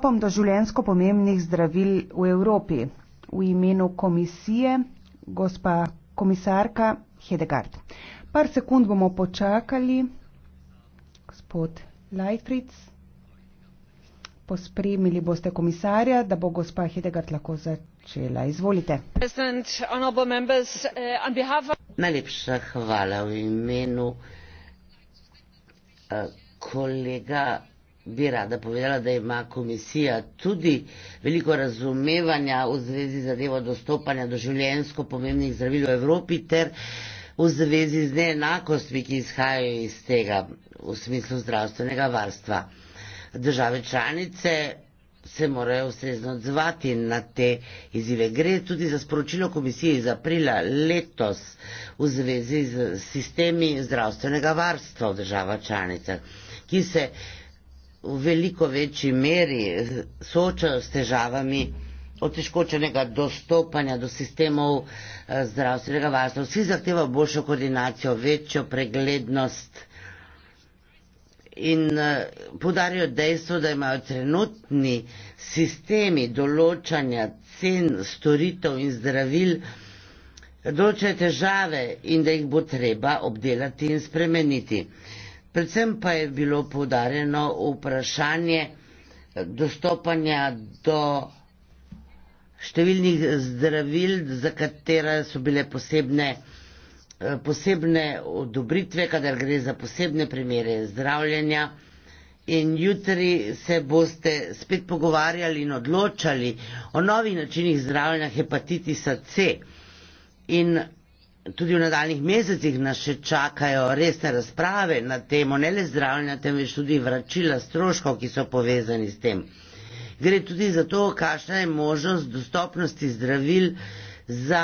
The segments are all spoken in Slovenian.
dostopom do življensko pomembnih zdravil v Evropi. V imenu komisije, gospa komisarka Hedegard. Par sekund bomo počakali, gospod Lajfric. Pospremili boste komisarja, da bo gospa Hedegard lahko začela. Izvolite. Eh, Najlepša hvala v imenu eh, kolega bi rada povedala, da ima komisija tudi veliko razumevanja v zvezi z zadevo dostopanja do življenjsko pomembnih zdravil v Evropi ter v zvezi z neenakostmi, ki izhajajo iz tega v smislu zdravstvenega varstva. Države članice se morajo ustrezno odzvati na te izive. Gre tudi za sporočilo komisije iz aprila letos v zvezi z sistemi zdravstvenega varstva v državah članicah, ki se v veliko večji meri soočajo s težavami otežkočenega dostopanja do sistemov eh, zdravstvenega varstva. Vsi zahtevajo boljšo koordinacijo, večjo preglednost in eh, podarijo dejstvo, da imajo trenutni sistemi določanja cen storitev in zdravil določene težave in da jih bo treba obdelati in spremeniti predvsem pa je bilo podarjeno vprašanje dostopanja do številnih zdravil, za katera so bile posebne, eh, posebne odobritve, kadar gre za posebne primere zdravljenja. In jutri se boste spet pogovarjali in odločali o novih načinih zdravljenja hepatitisa C. In Tudi v nadaljnih mesecih nas še čakajo resne razprave na temo ne le zdravljenja, temveč tudi vračila stroškov, ki so povezani s tem. Gre tudi za to, kakšna je možnost dostopnosti zdravil za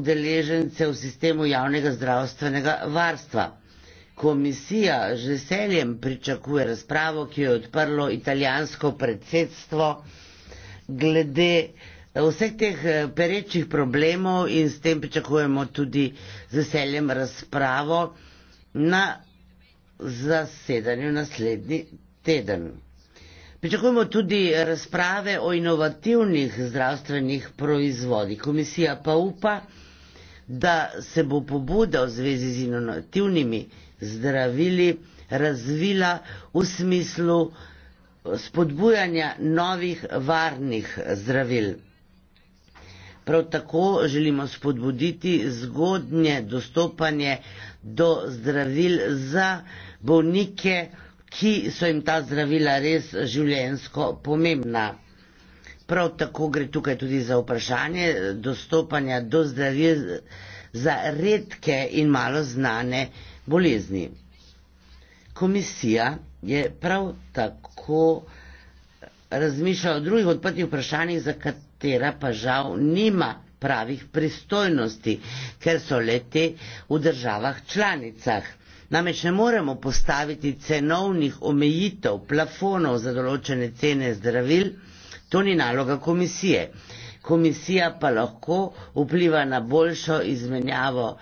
udeležence v sistemu javnega zdravstvenega varstva. Komisija z veseljem pričakuje razpravo, ki jo je odprlo italijansko predsedstvo glede vseh teh eh, perečih problemov in s tem pričakujemo tudi z veseljem razpravo na zasedanju naslednji teden. Pričakujemo tudi razprave o inovativnih zdravstvenih proizvodih. Komisija pa upa, da se bo pobuda v zvezi z inovativnimi zdravili razvila v smislu spodbujanja novih varnih zdravil. Prav tako želimo spodbuditi zgodnje dostopanje do zdravil za bolnike, ki so jim ta zdravila res življensko pomembna. Prav tako gre tukaj tudi za vprašanje dostopanja do zdravil za redke in malo znane bolezni. Komisija je prav tako razmišljala o drugih odprtih vprašanjih, za katere katera pa žal nima pravih pristojnosti, ker so leti v državah članicah. Namreč ne moremo postaviti cenovnih omejitev, plafonov za določene cene zdravil, to ni naloga komisije. Komisija pa lahko vpliva na boljšo izmenjavo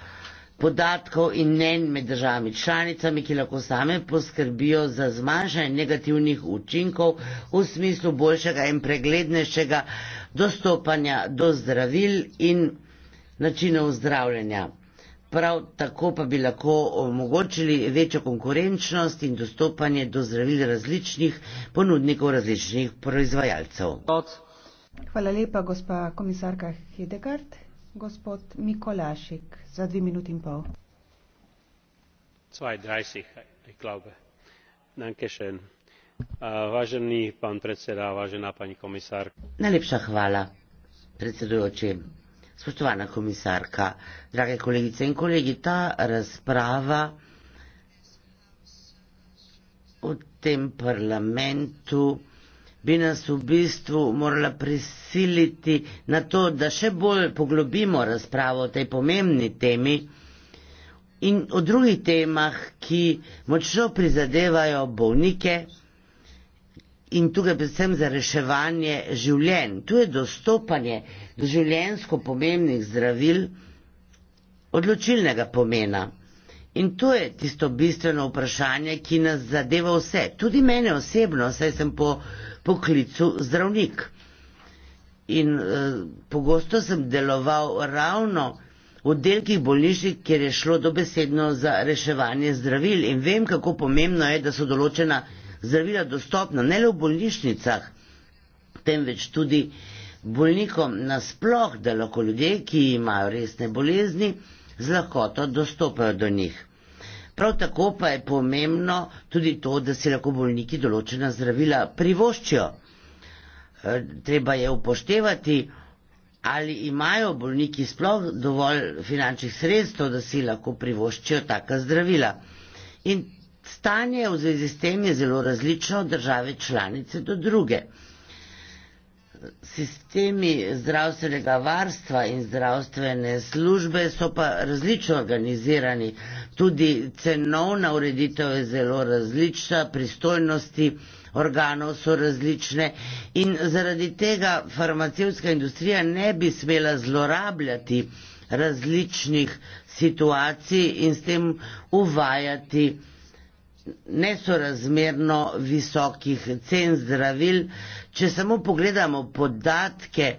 podatkov in mnen med državami članicami, ki lahko same poskrbijo za zmanjšanje negativnih učinkov v smislu boljšega in preglednejšega dostopanja do zdravil in načinov zdravljenja. Prav tako pa bi lahko omogočili večjo konkurenčnost in dostopanje do zdravil različnih ponudnikov različnih proizvajalcev. Hvala lepa, gospa komisarka Hedegard. Gospod Mikolašik, za dve minuti in pol. Zdaj, dvajset, ich glaube. Dankeschön. Najlepša hvala, predsedujoči. Spoštovana komisarka, drage kolegice in kolegi, ta razprava v tem parlamentu bi nas v bistvu morala prisiliti na to, da še bolj poglobimo razpravo o tej pomembni temi in o drugih temah, ki močno prizadevajo bolnike, in tukaj predvsem za reševanje življenj. Tu je dostopanje do življensko pomembnih zdravil odločilnega pomena. In to je tisto bistveno vprašanje, ki nas zadeva vse, tudi mene osebno, saj sem po poklicu zdravnik. In eh, pogosto sem deloval ravno v oddelkih bolnišnic, kjer je šlo dobesedno za reševanje zdravil. In vem, kako pomembno je, da so določena zdravila dostopna ne le v bolnišnicah, temveč tudi bolnikom nasploh, da lahko ljudje, ki imajo resne bolezni, z lahkoto dostopajo do njih. Prav tako pa je pomembno tudi to, da si lahko bolniki določena zdravila privoščijo. E, treba je upoštevati, ali imajo bolniki sploh dovolj finančnih sredstev, da si lahko privoščijo taka zdravila. In Stanje v zvezi s tem je zelo različno od države članice do druge. Sistemi zdravstvenega varstva in zdravstvene službe so pa različno organizirani, tudi cenovna ureditev je zelo različna, pristojnosti organov so različne in zaradi tega farmacevska industrija ne bi smela zlorabljati različnih situacij in s tem uvajati nesorazmerno visokih cen zdravil. Če samo pogledamo podatke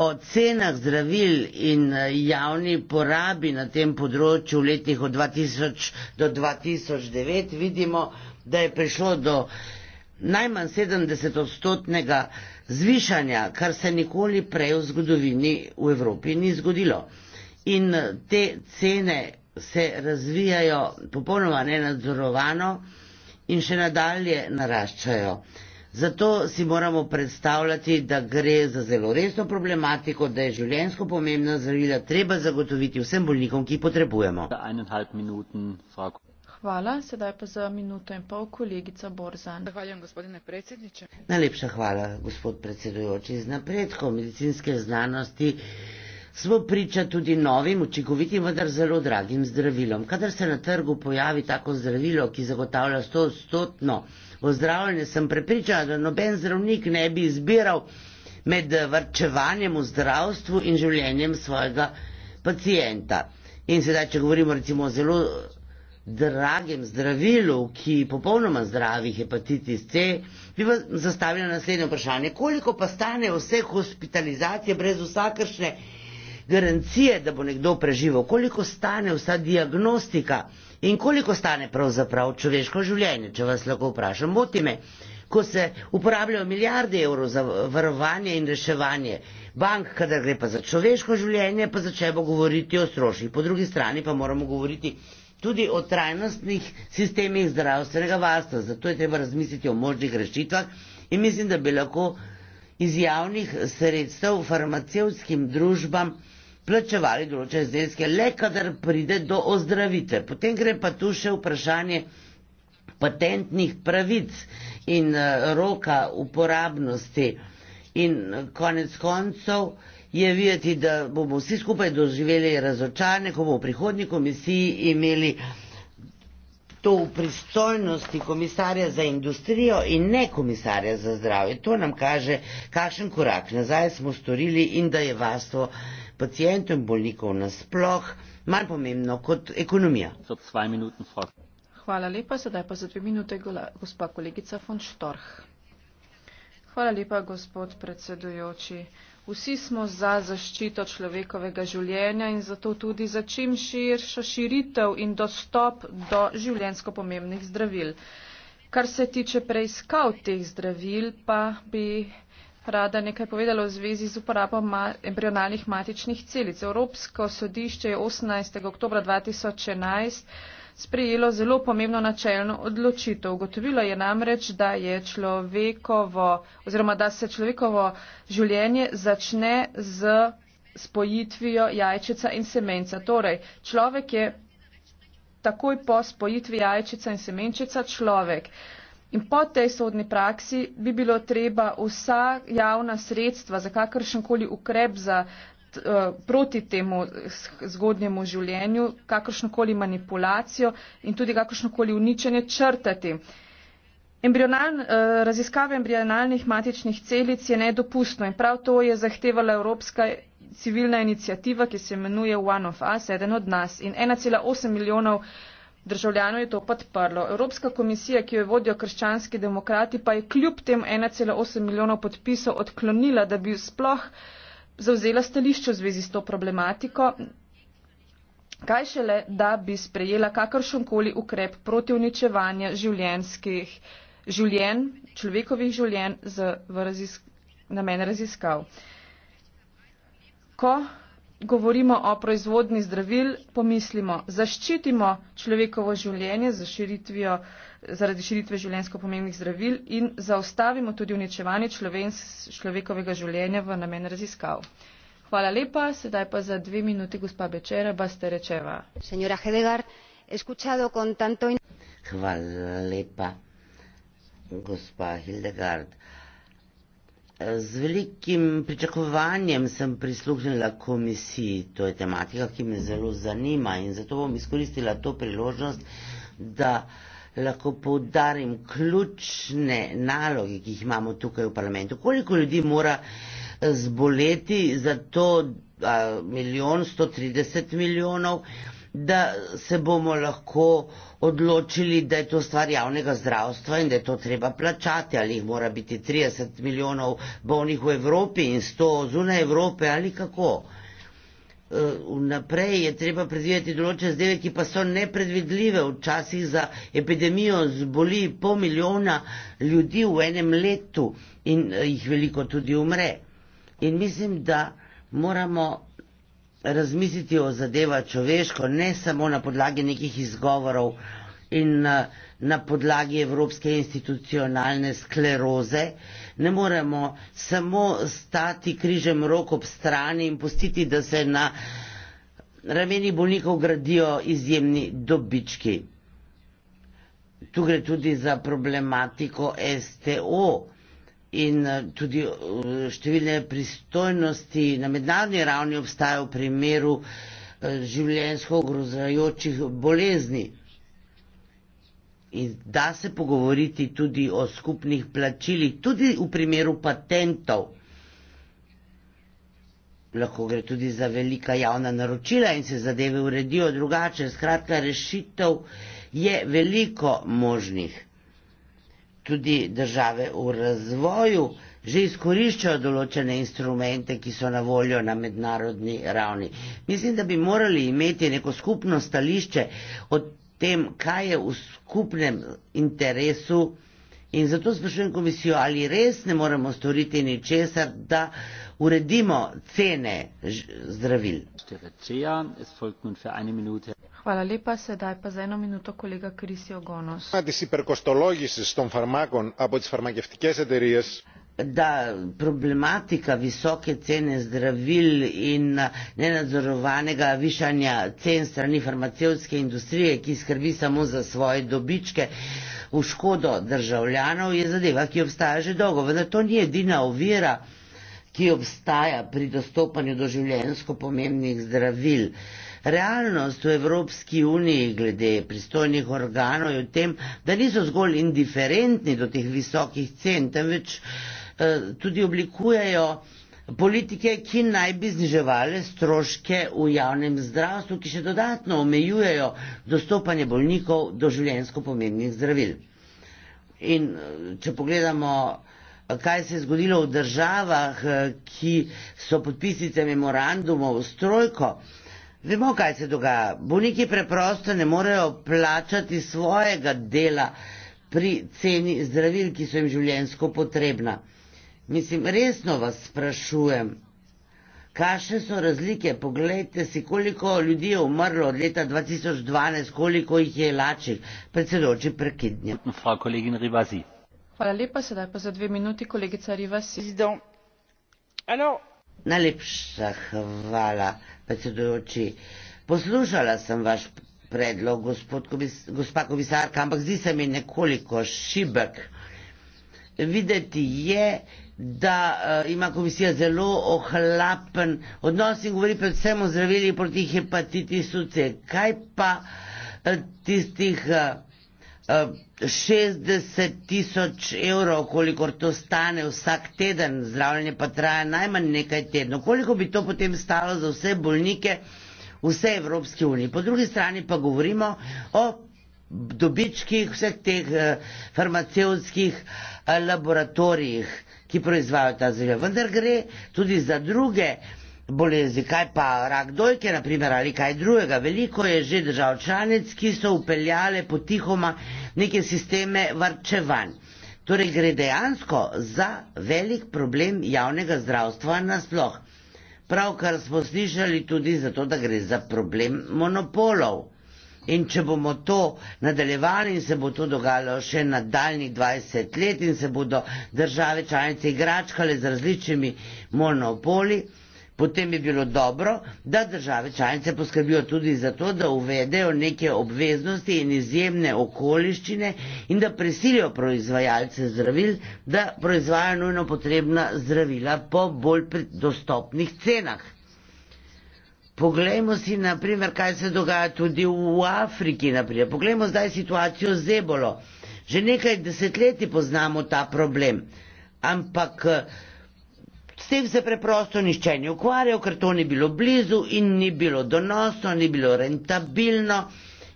o cenah zdravil in eh, javni porabi na tem področju v letih od 2000 do 2009, vidimo, da je prišlo do najmanj 70 odstotnega zvišanja, kar se nikoli prej v zgodovini v Evropi ni zgodilo. In eh, te cene se razvijajo popolnoma nenadzorovano in še nadalje naraščajo. Zato si moramo predstavljati, da gre za zelo resno problematiko, da je življensko pomembna zdravila treba zagotoviti vsem bolnikom, ki jih potrebujemo. Hvala, sedaj pa za minuto in pol kolegica Borzan. Zahvaljujem, gospodine predsedniče. Najlepša hvala, gospod predsedujoči. Z napredkom medicinske znanosti smo priča tudi novim, učinkovitim, vendar zelo dragim zdravilom. Kadar se na trgu pojavi tako zdravilo, ki zagotavlja 100-stotno ozdravljanje, sem prepričana, da noben zdravnik ne bi izbiral med vrčevanjem v zdravstvu in življenjem svojega pacijenta. In sedaj, če govorimo recimo o zelo dragem zdravilu, ki popolnoma zdravi hepatitis C, bi vas zastavila naslednje vprašanje. Koliko pa stane vse hospitalizacije brez vsakršne garancije, da bo nekdo preživel, koliko stane vsa diagnostika in koliko stane pravzaprav človeško življenje, če vas lahko vprašam, moti me, ko se uporabljajo milijarde evrov za varovanje in reševanje bank, kadar gre pa za človeško življenje, pa začnemo govoriti o stroških. Po drugi strani pa moramo govoriti tudi o trajnostnih sistemih zdravstvenega varstva, zato je treba razmisliti o možnih rešitvah in mislim, da bi lahko iz javnih sredstev farmacevskim družbam plačevali določene zneske, le kadar pride do ozdravitve. Potem gre pa tu še vprašanje patentnih pravic in eh, roka uporabnosti. In eh, konec koncev je videti, da bomo vsi skupaj doživeli razočarne, ko bomo v prihodnji komisiji imeli to v pristojnosti komisarja za industrijo in ne komisarja za zdravje. To nam kaže, kakšen korak nazaj smo storili in da je varstvo pacijentov in bolnikov nasploh, manj pomembno kot ekonomija. Hvala lepa, sedaj pa za dve minute gospa kolegica von Storch. Hvala lepa, gospod predsedujoči. Vsi smo za zaščito človekovega življenja in zato tudi za čim širšo širitev in dostop do življensko pomembnih zdravil. Kar se tiče preiskav teh zdravil, pa bi rada nekaj povedala v zvezi z uporabo ma embrionalnih matičnih celic. Evropsko sodišče je 18. oktober 2011 sprejelo zelo pomembno načelno odločitev. Ugotovilo je namreč, da, je oziroma, da se človekovo življenje začne z spojitvijo jajčica in semenca. Torej, človek je takoj po spojitvi jajčica in semenčica človek. Uh, In po tej sodni praksi bi bilo treba vsa javna sredstva za kakršenkoli ukrep za, t, eh, proti temu zgodnjemu življenju, kakršnokoli manipulacijo in tudi kakršnokoli uničenje črtati. Embrional, eh, raziskave embrionalnih matičnih celic je nedopustno in prav to je zahtevala Evropska civilna inicijativa, ki se imenuje One of Us, eden od nas. In 1,8 milijonov državljanov je to podprlo. Evropska komisija, ki jo vodijo krščanski demokrati, pa je kljub tem 1,8 milijonov podpisov odklonila, da bi sploh zauzela stališče v zvezi s to problematiko. Kaj šele, da bi sprejela kakršenkoli ukrep proti uničevanju življenjskih življenj, človekovih življenj z, v razis, namen raziskav. Ko govorimo o proizvodni zdravil, pomislimo, zaščitimo človekovo življenje za širitvijo, zaradi širitve življenjsko pomembnih zdravil in zaustavimo tudi uničevanje človekovega življenja v namen raziskav. Hvala lepa, sedaj pa za dve minuti gospa Bečera Basterečeva. Hvala lepa, gospa Hildegard. Uh, Z velikim pričakovanjem sem prisluhnila komisiji, to je tematika, ki me zelo zanima in zato bom izkoristila to priložnost, da lahko poudarim ključne naloge, ki jih imamo tukaj v parlamentu. Koliko ljudi mora zboleti za to milijon, 130 milijonov? da se bomo lahko odločili, da je to stvar javnega zdravstva in da je to treba plačati, ali jih mora biti 30 milijonov bolnih v Evropi in 100 zunaj Evrope ali kako. E, vnaprej je treba predvideti določene zdevke, ki pa so nepredvidljive. Včasih za epidemijo zboli pol milijona ljudi v enem letu in e, jih veliko tudi umre. In mislim, da moramo razmisliti o zadeva človeško, ne samo na podlagi nekih izgovorov in eh, na podlagi evropske institucionalne skleroze. Ne moremo samo stati križem rok ob strani in pustiti, da se na rameni bolnikov gradijo izjemni dobički. Tu gre tudi za problematiko STO in eh, tudi eh, številne pristojnosti na mednarodni ravni obstajajo v primeru eh, življenjsko ogrozajočih bolezni. In da se pogovoriti tudi o skupnih plačilih, tudi v primeru patentov. Lahko gre tudi za velika javna naročila in se zadeve uredijo drugače. Skratka, rešitev je veliko možnih tudi države v razvoju že izkoriščajo določene instrumente, ki so na voljo na mednarodni ravni. Mislim, da bi morali imeti neko skupno stališče o tem, kaj je v skupnem interesu in zato sprašujem komisijo, ali res ne moremo storiti ničesar, da uredimo cene zdravil. Hvala lepa. Sedaj pa za eno minuto kolega Krisijo Gonos. Da si prekostologisi s tom farmakom, a bo iz farmakevtike se derijes. Da problematika visoke cene zdravil in nenadzorovanega višanja cen strani farmacevtske industrije, ki skrbi samo za svoje dobičke v škodo državljanov, je zadeva, ki obstaja že dolgo. Vendar to ni edina ovira, ki obstaja pri dostopanju do življenjsko pomembnih zdravil. Realnost v Evropski uniji glede pristojnih organov je v tem, da niso zgolj indiferentni do teh visokih cen, temveč eh, tudi oblikujejo politike, ki naj bi zniževali stroške v javnem zdravstvu, ki še dodatno omejujejo dostopanje bolnikov do življenjsko pomembnih zdravil. In eh, če pogledamo, eh, kaj se je zgodilo v državah, ki so podpisnice memorandumov s trojko, Vemo, kaj se dogaja. Boniki preprosto ne morejo plačati svojega dela pri ceni zdravil, ki so jim življensko potrebna. Mislim, resno vas sprašujem, kakšne so razlike. Poglejte si, koliko ljudi je umrlo od leta 2012, koliko jih je lačih. Predsedoči, prekidnje. Hvala lepa, sedaj pa za dve minuti, kolegica Rivasi. Alors, Najlepša hvala, predsedujoči. Poslušala sem vaš predlog, gospod komisarka, ampak zdi se mi nekoliko šibek. Videti je, da uh, ima komisija zelo ohlapen odnos in govori predvsem o zdravili proti hepatitisu C. Kaj pa uh, tistih uh, 60 eh, tisoč evrov, kolikor to stane vsak teden, zdravljenje pa traja najmanj nekaj tednov. Koliko bi to potem stalo za vse bolnike v vsej Evropski uniji? Po drugi strani pa govorimo o dobičkih vseh teh eh, farmacevskih eh, laboratorijih, ki proizvajajo ta zdravila. Vendar gre tudi za druge bolezni, kaj pa rak dojke, naprimer, ali kaj drugega. Veliko je že držav članic, ki so upeljale potihoma neke sisteme varčevanj. Torej gre dejansko za velik problem javnega zdravstva nasploh. Pravkar smo slišali tudi zato, da gre za problem monopolov. In če bomo to nadaljevali in se bo to dogajalo še nadaljnih 20 let in se bodo države članice igračkale z različnimi monopoli, Potem je bilo dobro, da države članice poskrbijo tudi za to, da uvedejo neke obveznosti in izjemne okoliščine in da prisilijo proizvajalce zdravil, da proizvajajo nujno potrebna zdravila po bolj dostopnih cenah. Poglejmo si, naprimer, kaj se dogaja tudi v Afriki. Naprimer. Poglejmo zdaj situacijo z ebolo. Že nekaj desetletij poznamo ta problem, ampak S tem se preprosto nišče ni ukvarjal, ker to ni bilo blizu in ni bilo donosno, ni bilo rentabilno.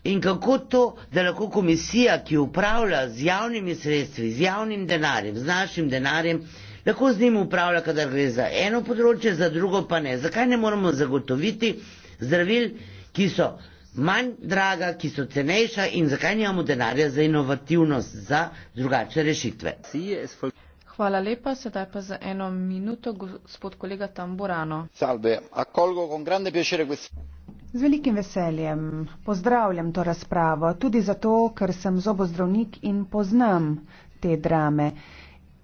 In kako to, da lahko komisija, ki upravlja z javnimi sredstvi, z javnim denarjem, z našim denarjem, lahko z njim upravlja, kadar gre za eno področje, za drugo pa ne. Zakaj ne moramo zagotoviti zdravil, ki so manj draga, ki so cenejša in zakaj nimamo denarja za inovativnost, za drugače rešitve? CSFL. Hvala lepa. Sedaj pa za eno minuto gospod kolega Tamburano. Salve. Accolgo con grande piacere questo. Z velikim veseljem pozdravljam to razpravo, tudi zato, ker sem zobozdravnik in poznam te drame.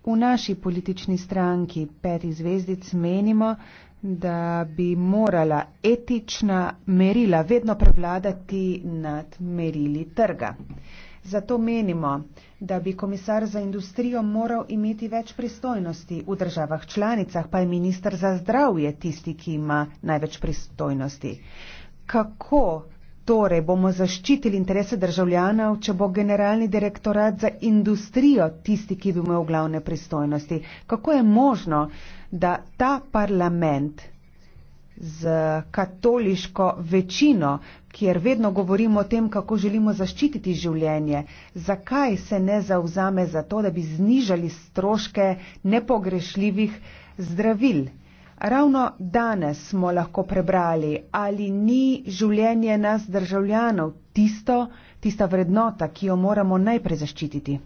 V naši politični stranki petih zvezdic menimo, da bi morala etična merila vedno prevladati nad merili trga. Zato menimo, da bi komisar za industrijo moral imeti več pristojnosti. V državah članicah pa je ministr za zdravje tisti, ki ima največ pristojnosti. Kako torej bomo zaščitili interese državljanov, če bo generalni direktorat za industrijo tisti, ki bi imel glavne pristojnosti? Kako je možno, da ta parlament z katoliško večino kjer vedno govorimo o tem, kako želimo zaščititi življenje, zakaj se ne zauzame za to, da bi znižali stroške nepogrešljivih zdravil. Ravno danes smo lahko prebrali, ali ni življenje nas državljanov tisto, tista vrednota, ki jo moramo najprej zaščititi.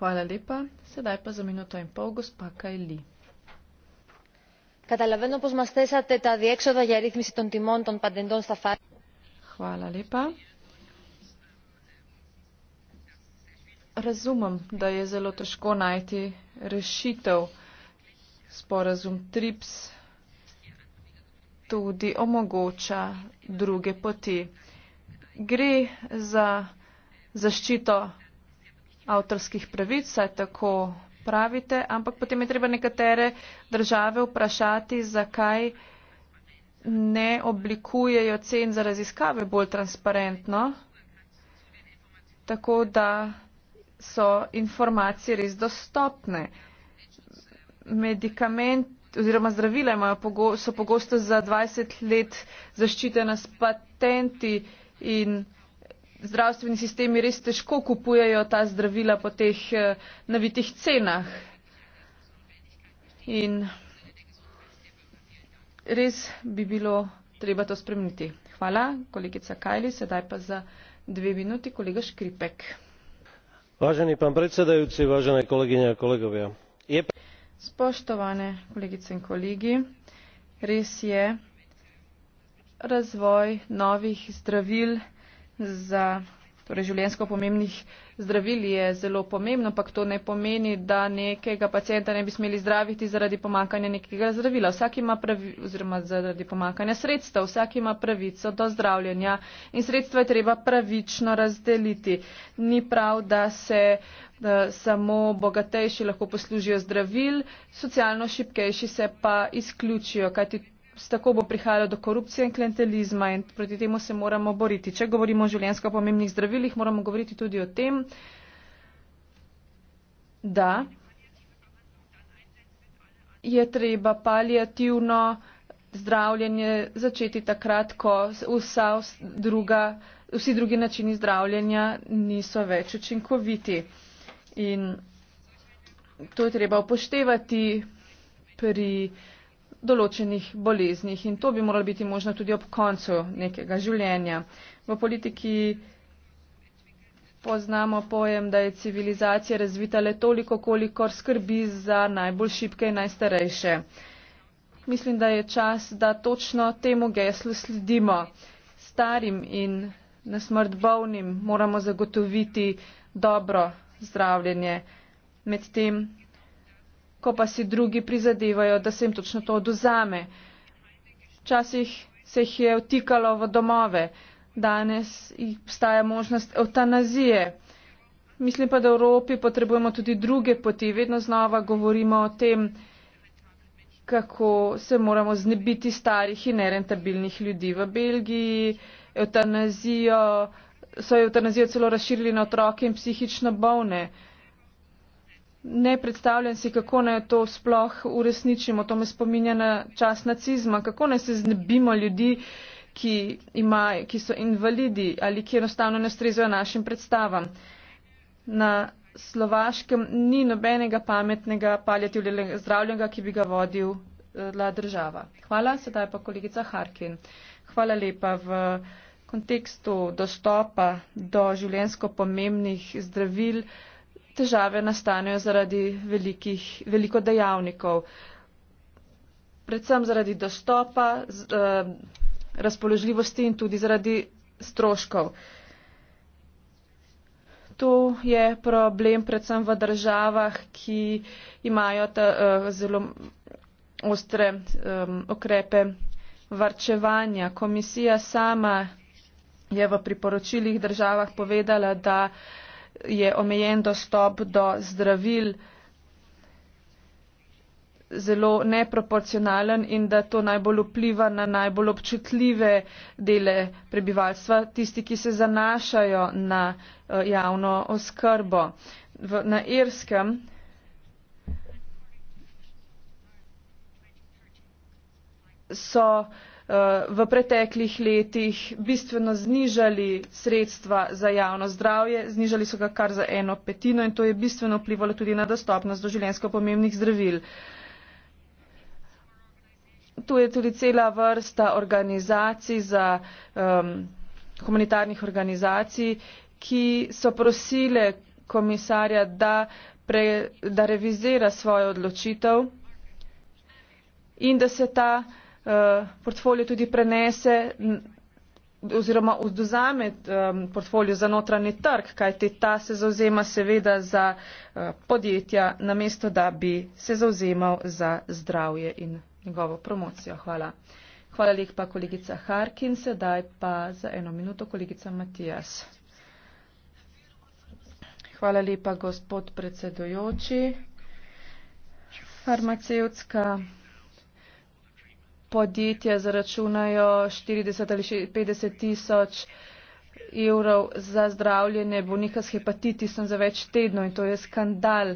Hvala lepa, sedaj pa za minuto in pol gospa Kajli καταλαβαίνω πως μας θέσατε τα διέξοδα για ρύθμιση των τιμών των παντεντών στα φάρμακα. Hvala lepa. Razumem, da je zelo težko najti rešitev. Sporazum TRIPS tudi omogoča druge poti. Gre za zaščito avtorskih pravic, saj tako pravite, ampak potem je treba nekatere države vprašati, zakaj ne oblikujejo cen za raziskave bolj transparentno, tako da so informacije res dostopne. Medikament oziroma zdravila imajo, so pogosto za 20 let zaščitena s patenti in zdravstveni sistemi res težko kupujejo ta zdravila po teh eh, navitih cenah. In res bi bilo treba to spremeniti. Hvala, kolegica Kajli, sedaj pa za dve minuti kolega Škripek. Važeni pan predsedajuci, važene kolegine in kolegovja. Je... Spoštovane kolegice in kolegi, res je razvoj novih zdravil, za torej življensko pomembnih zdravil je zelo pomembno, ampak to ne pomeni, da nekega pacijenta ne bi smeli zdraviti zaradi pomankanja nekega zdravila. Vsak ima pravico, oziroma zaradi pomankanja sredstev, vsak ima pravico do zdravljenja in sredstva je treba pravično razdeliti. Ni prav, da se da samo bogatejši lahko poslužijo zdravil, socialno šipkejši se pa izključijo, kajti tako bo prihajalo do korupcije in klientelizma in proti temu se moramo boriti. Če govorimo o življenjsko pomembnih zdravilih, moramo govoriti tudi o tem, da je treba palijativno zdravljenje začeti takrat, ko vsa druga, vsi drugi načini zdravljenja niso več učinkoviti. In to je treba upoštevati pri uh, določenih boleznih in to bi moralo biti možno tudi ob koncu nekega življenja. V politiki poznamo pojem, da je civilizacija razvita le toliko, kolikor skrbi za najbolj šibke in najstarejše. Mislim, da je čas, da točno temu geslu sledimo. Starim in nasmrt bovnim moramo zagotoviti dobro zdravljenje. Medtem ko pa si drugi prizadevajo, da se jim točno to oduzame. Včasih se jih je vtikalo v domove, danes jih obstaja možnost eutanazije. Mislim pa, da v Evropi potrebujemo tudi druge poti. Vedno znova govorimo o tem, kako se moramo znebiti starih in nerentabilnih ljudi. V Belgiji eutanazijo, so eutanazijo celo razširili na otroke in psihično bolne. Ne predstavljam si, kako naj to sploh uresničimo. To me spominja na čas nacizma. Kako naj se znebimo ljudi, ki, ima, ki so invalidi ali ki enostavno ne strezajo našim predstavam. Na slovaškem ni nobenega pametnega paljativnega zdravljenega, ki bi ga vodil eh, la država. Hvala, sedaj pa kolegica Harkin. Hvala lepa v kontekstu dostopa do življensko pomembnih zdravil težave nastanejo zaradi velikih, veliko dejavnikov, predvsem zaradi dostopa, z, eh, razpoložljivosti in tudi zaradi stroškov. To je problem predvsem v državah, ki imajo ta, eh, zelo ostre eh, okrepe varčevanja. Komisija sama je v priporočilih državah povedala, da je omejen dostop do zdravil zelo neproporcionalen in da to najbolj vpliva na najbolj občutljive dele prebivalstva, tisti, ki se zanašajo na eh, javno oskrbo. V, na Irskem so Eh, v preteklih letih bistveno znižali sredstva za javno zdravje, znižali so ga kar za eno petino in to je bistveno vplivalo tudi na dostopnost do življenjsko pomembnih zdravil. Tu je tudi cela vrsta organizacij za um, humanitarnih organizacij, ki so prosile komisarja, da, pre, da revizira svojo odločitev in da se ta Eh, portfolio tudi prenese oziroma oduzame portfolio za notranji trg, kajti ta se zauzema seveda za eh, podjetja, namesto da bi se zauzemal za zdravje in njegovo promocijo. Hvala. Hvala lepa kolegica Harkin, sedaj pa za eno minuto kolegica Matijas. Hvala lepa gospod predsedujoči. Farmaceutska podjetja zaračunajo 40 ali 50 tisoč evrov za zdravljenje bolnika s hepatitisom za več tednov in to je skandal.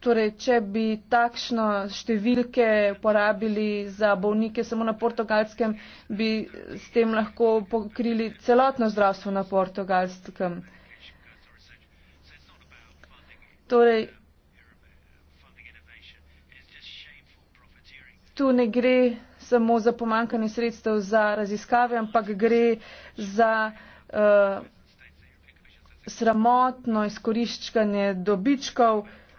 torej, če bi takšno številke uporabili za bolnike samo na portugalskem, bi s tem lahko pokrili celotno zdravstvo na portugalskem. Torej, Tu ne gre samo za pomankanje sredstev za raziskave, ampak gre za uh, sramotno izkoriščanje dobičkov. Uh,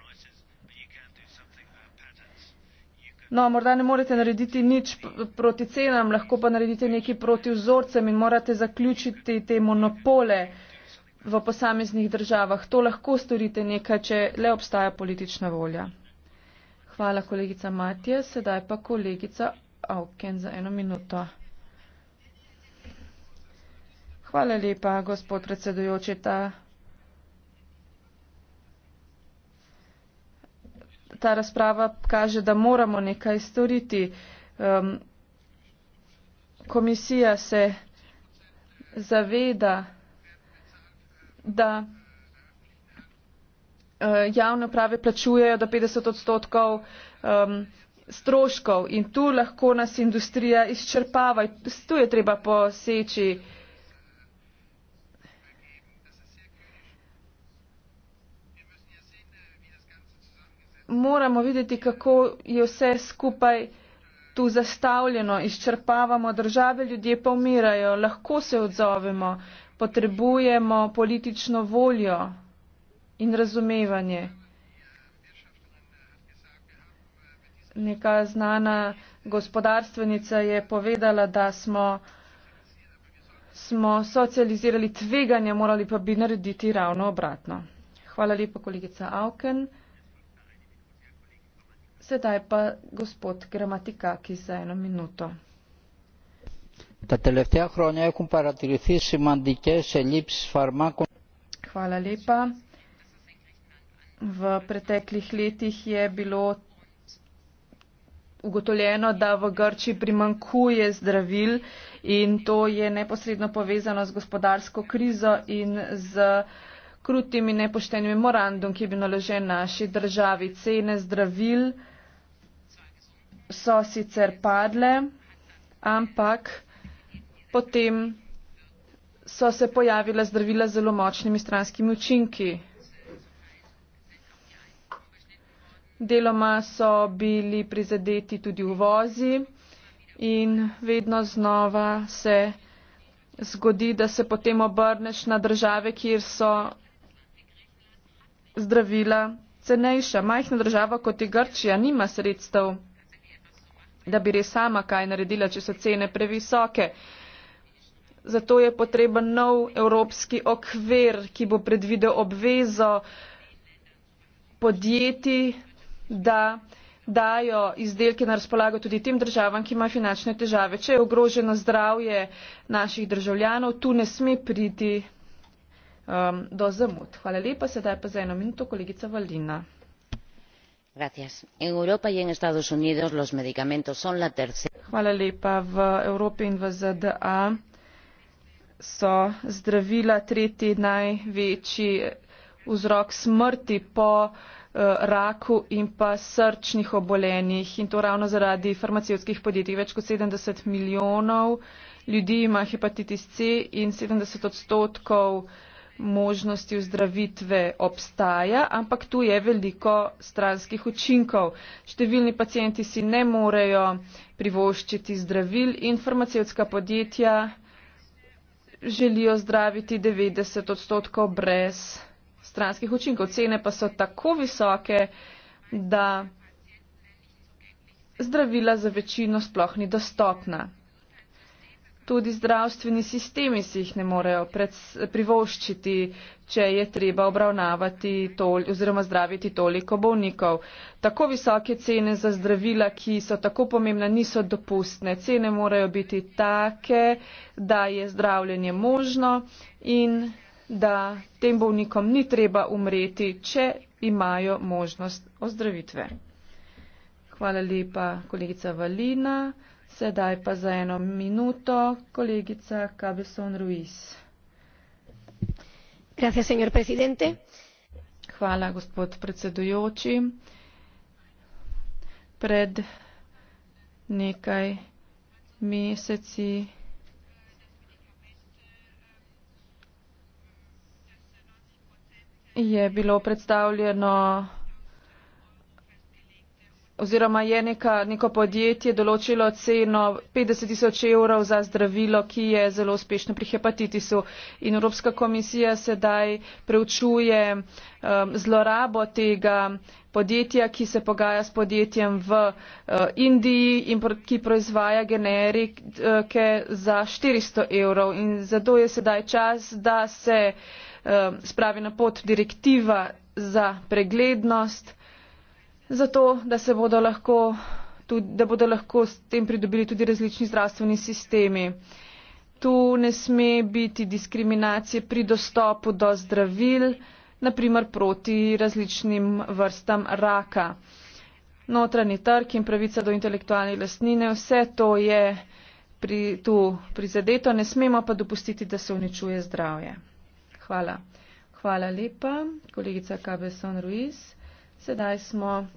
No, morda ne morete narediti nič proti cenam, lahko pa naredite nekaj proti vzorcem in morate zaključiti te monopole v posameznih državah. To lahko storite nekaj, če le obstaja politična volja. Hvala, kolegica Matija. Sedaj pa kolegica Auken za eno minuto. Hvala lepa, gospod predsedujoči. ta razprava kaže, da moramo nekaj storiti. Um, komisija se zaveda, da uh, javne prave plačujejo do 50 odstotkov um, stroškov in tu lahko nas industrija izčrpava. Tu je treba poseči. Uh, moramo videti, kako je vse skupaj tu zastavljeno, izčrpavamo države, ljudje pa umirajo, lahko se odzovemo, potrebujemo politično voljo in razumevanje. Neka znana gospodarstvenica je povedala, da smo, smo socializirali tveganja, morali pa bi narediti ravno obratno. Hvala lepa, kolegica Auken. Sedaj pa gospod gramatikaki za eno minuto. Hvala lepa. V preteklih letih je bilo ugotovljeno, da v Grči primankuje zdravil in to je neposredno povezano z gospodarsko krizo in z krutimi nepoštenimi morandum, ki je bil naložen naši državi. Cene zdravil so sicer padle, ampak potem so se pojavila zdravila z zelo močnimi stranskimi učinki. Deloma so bili prizadeti tudi uvozi in vedno znova se zgodi, da se potem obrneš na države, kjer so zdravila cenejša. Majhna država kot je Grčija nima sredstev da bi res sama kaj naredila, če so cene previsoke. Zato je potreben nov evropski okvir, ki bo predvidel obvezo podjetij, da dajo izdelke na razpolago tudi tem državam, ki imajo finančne težave. Če je ogroženo zdravje naših državljanov, tu ne sme priti um, do zamud. Hvala lepa, sedaj pa za eno minuto kolegica Valina señora presidenta en europa y en los estados unidos los medicamentos son la tercera eh, raku in pa srčnih obolenjih in to ravno zaradi farmacevskih podjetij. Več kot 70 milijonov ljudi ima hepatitis C in 70 odstotkov uh, možnosti ozdravitve obstaja, ampak tu je veliko stranskih učinkov. Številni pacijenti si ne morejo privoščiti zdravil in farmacevtska podjetja želijo zdraviti 90 odstotkov brez stranskih učinkov. Cene pa so tako visoke, da zdravila za večino sploh ni dostopna. Tudi zdravstveni sistemi si jih ne morejo pred, privoščiti, če je treba obravnavati tol, oziroma zdraviti toliko bolnikov. Tako visoke cene za zdravila, ki so tako pomembna, niso dopustne. Cene morajo biti take, da je zdravljenje možno in da tem bolnikom ni treba umreti, če imajo možnost ozdravitve. Hvala lepa, kolegica Valina. Sedaj pa za eno minuto, kolegica Cabezon Ruiz. Gracias, señor presidente. Hvala, gospod predsedujoči. Pred nekaj meseci je bilo predstavljeno oziroma je neka, neko podjetje določilo ceno 50 tisoč evrov za zdravilo, ki je zelo uspešno pri hepatitisu. In Evropska komisija sedaj preučuje um, zlorabo tega podjetja, ki se pogaja s podjetjem v uh, Indiji in pro, ki proizvaja generike uh, za 400 evrov. In zato je sedaj čas, da se uh, spravi na pot direktiva za preglednost zato da se bodo lahko, tudi, da bodo lahko s tem pridobili tudi različni zdravstveni sistemi. Tu ne sme biti diskriminacije pri dostopu do zdravil, naprimer proti različnim vrstam raka. Notranji trg in pravica do intelektualne lastnine, vse to je pri, tu prizadeto, ne smemo pa dopustiti, da se uničuje zdravje. Hvala. Hvala lepa, kolegica Kabeson Ruiz. Sedaj smo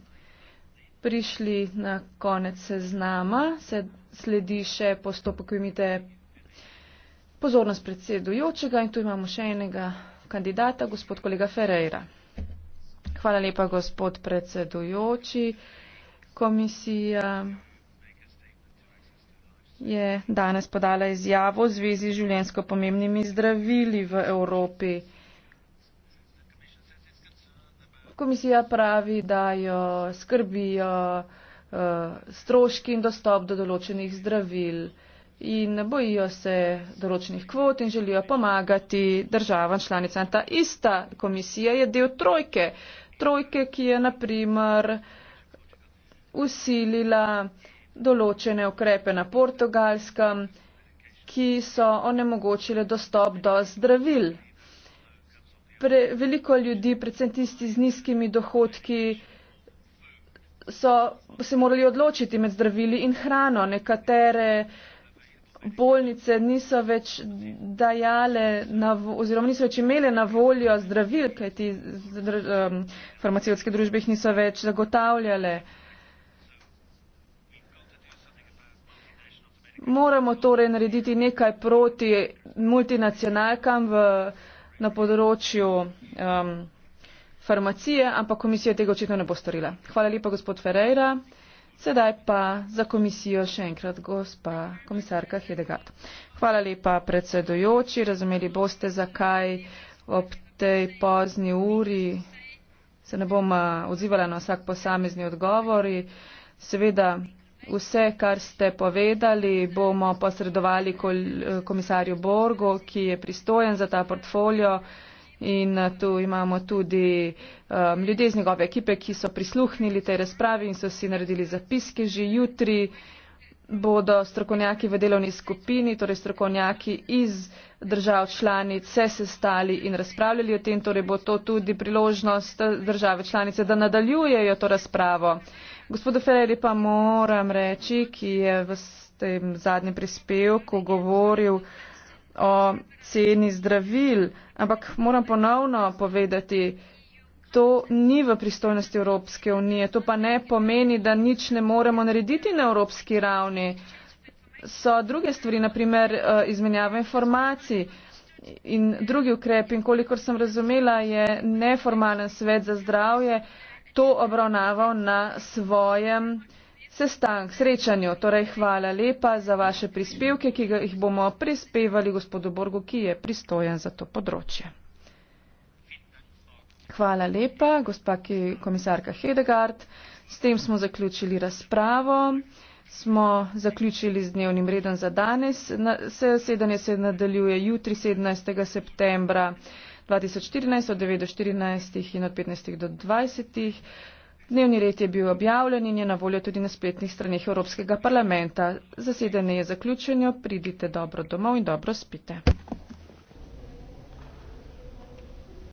prišli na konec seznama, se sledi še postopek, ko imite pozornost predsedujočega in tu imamo še enega kandidata, gospod kolega Ferreira. Hvala lepa, gospod predsedujoči. Komisija je danes podala izjavo v zvezi z življensko pomembnimi zdravili v Evropi. Komisija pravi, da jo skrbijo eh, stroški in dostop do določenih zdravil in bojijo se določenih kvot in želijo pomagati državam članicam. Ta ista komisija je del trojke, trojke, ki je naprimer usilila določene ukrepe na portugalskem, ki so onemogočile dostop do zdravil pre, veliko ljudi, predvsem tisti z nizkimi dohodki, so se morali odločiti med zdravili in hrano. Nekatere bolnice niso več dajale na, oziroma niso več imele na voljo zdravil, kaj ti zdr, um, farmacijske družbe jih niso več zagotavljale. Moramo torej narediti nekaj proti multinacionalkam v na področju um, farmacije, ampak komisija tega očitno ne bo storila. Hvala lepa, gospod Ferreira. Sedaj pa za komisijo še enkrat gospa komisarka Hedegard. Hvala lepa, predsedojoči. Razumeli boste, zakaj ob tej pozni uri se ne bom uh, odzivala na vsak posamezni odgovor. Seveda Vse, kar ste povedali, bomo posredovali komisarju Borgu, ki je pristojen za ta portfolio. In eh, tu imamo tudi um, eh, ljudi iz njegove ekipe, ki so prisluhnili tej razpravi in so si naredili zapiske. Že jutri bodo strokovnjaki v delovni skupini, torej strokovnjaki iz držav članice, se stali in razpravljali o tem. Torej bo to tudi priložnost eh, države članice, da nadaljujejo to razpravo. Gospodu Ferreri pa moram reči, ki je v tem zadnjem prispevku govoril o ceni zdravil, ampak moram ponovno povedati, to ni v pristojnosti Evropske unije, to pa ne pomeni, da nič ne moremo narediti na evropski ravni. So druge stvari, naprimer eh, izmenjava informacij in drugi ukrepi. In kolikor sem razumela, je neformalen svet za zdravje to obravnaval na svojem sestank, srečanju. Torej, hvala lepa za vaše prispevke, ki jih bomo prispevali gospodu Borgu, ki je pristojen za to področje. Hvala lepa, gospa komisarka Hedegard. S tem smo zaključili razpravo. Smo zaključili z dnevnim redom za danes. Sedanje se nadaljuje jutri 17. septembra. 2014 od 9 do 14 in od 15 do 20. Dnevni red je bil objavljen in je na voljo tudi na spletnih straneh Evropskega parlamenta. Zasedanje je zaključeno, pridite dobro domov in dobro spite.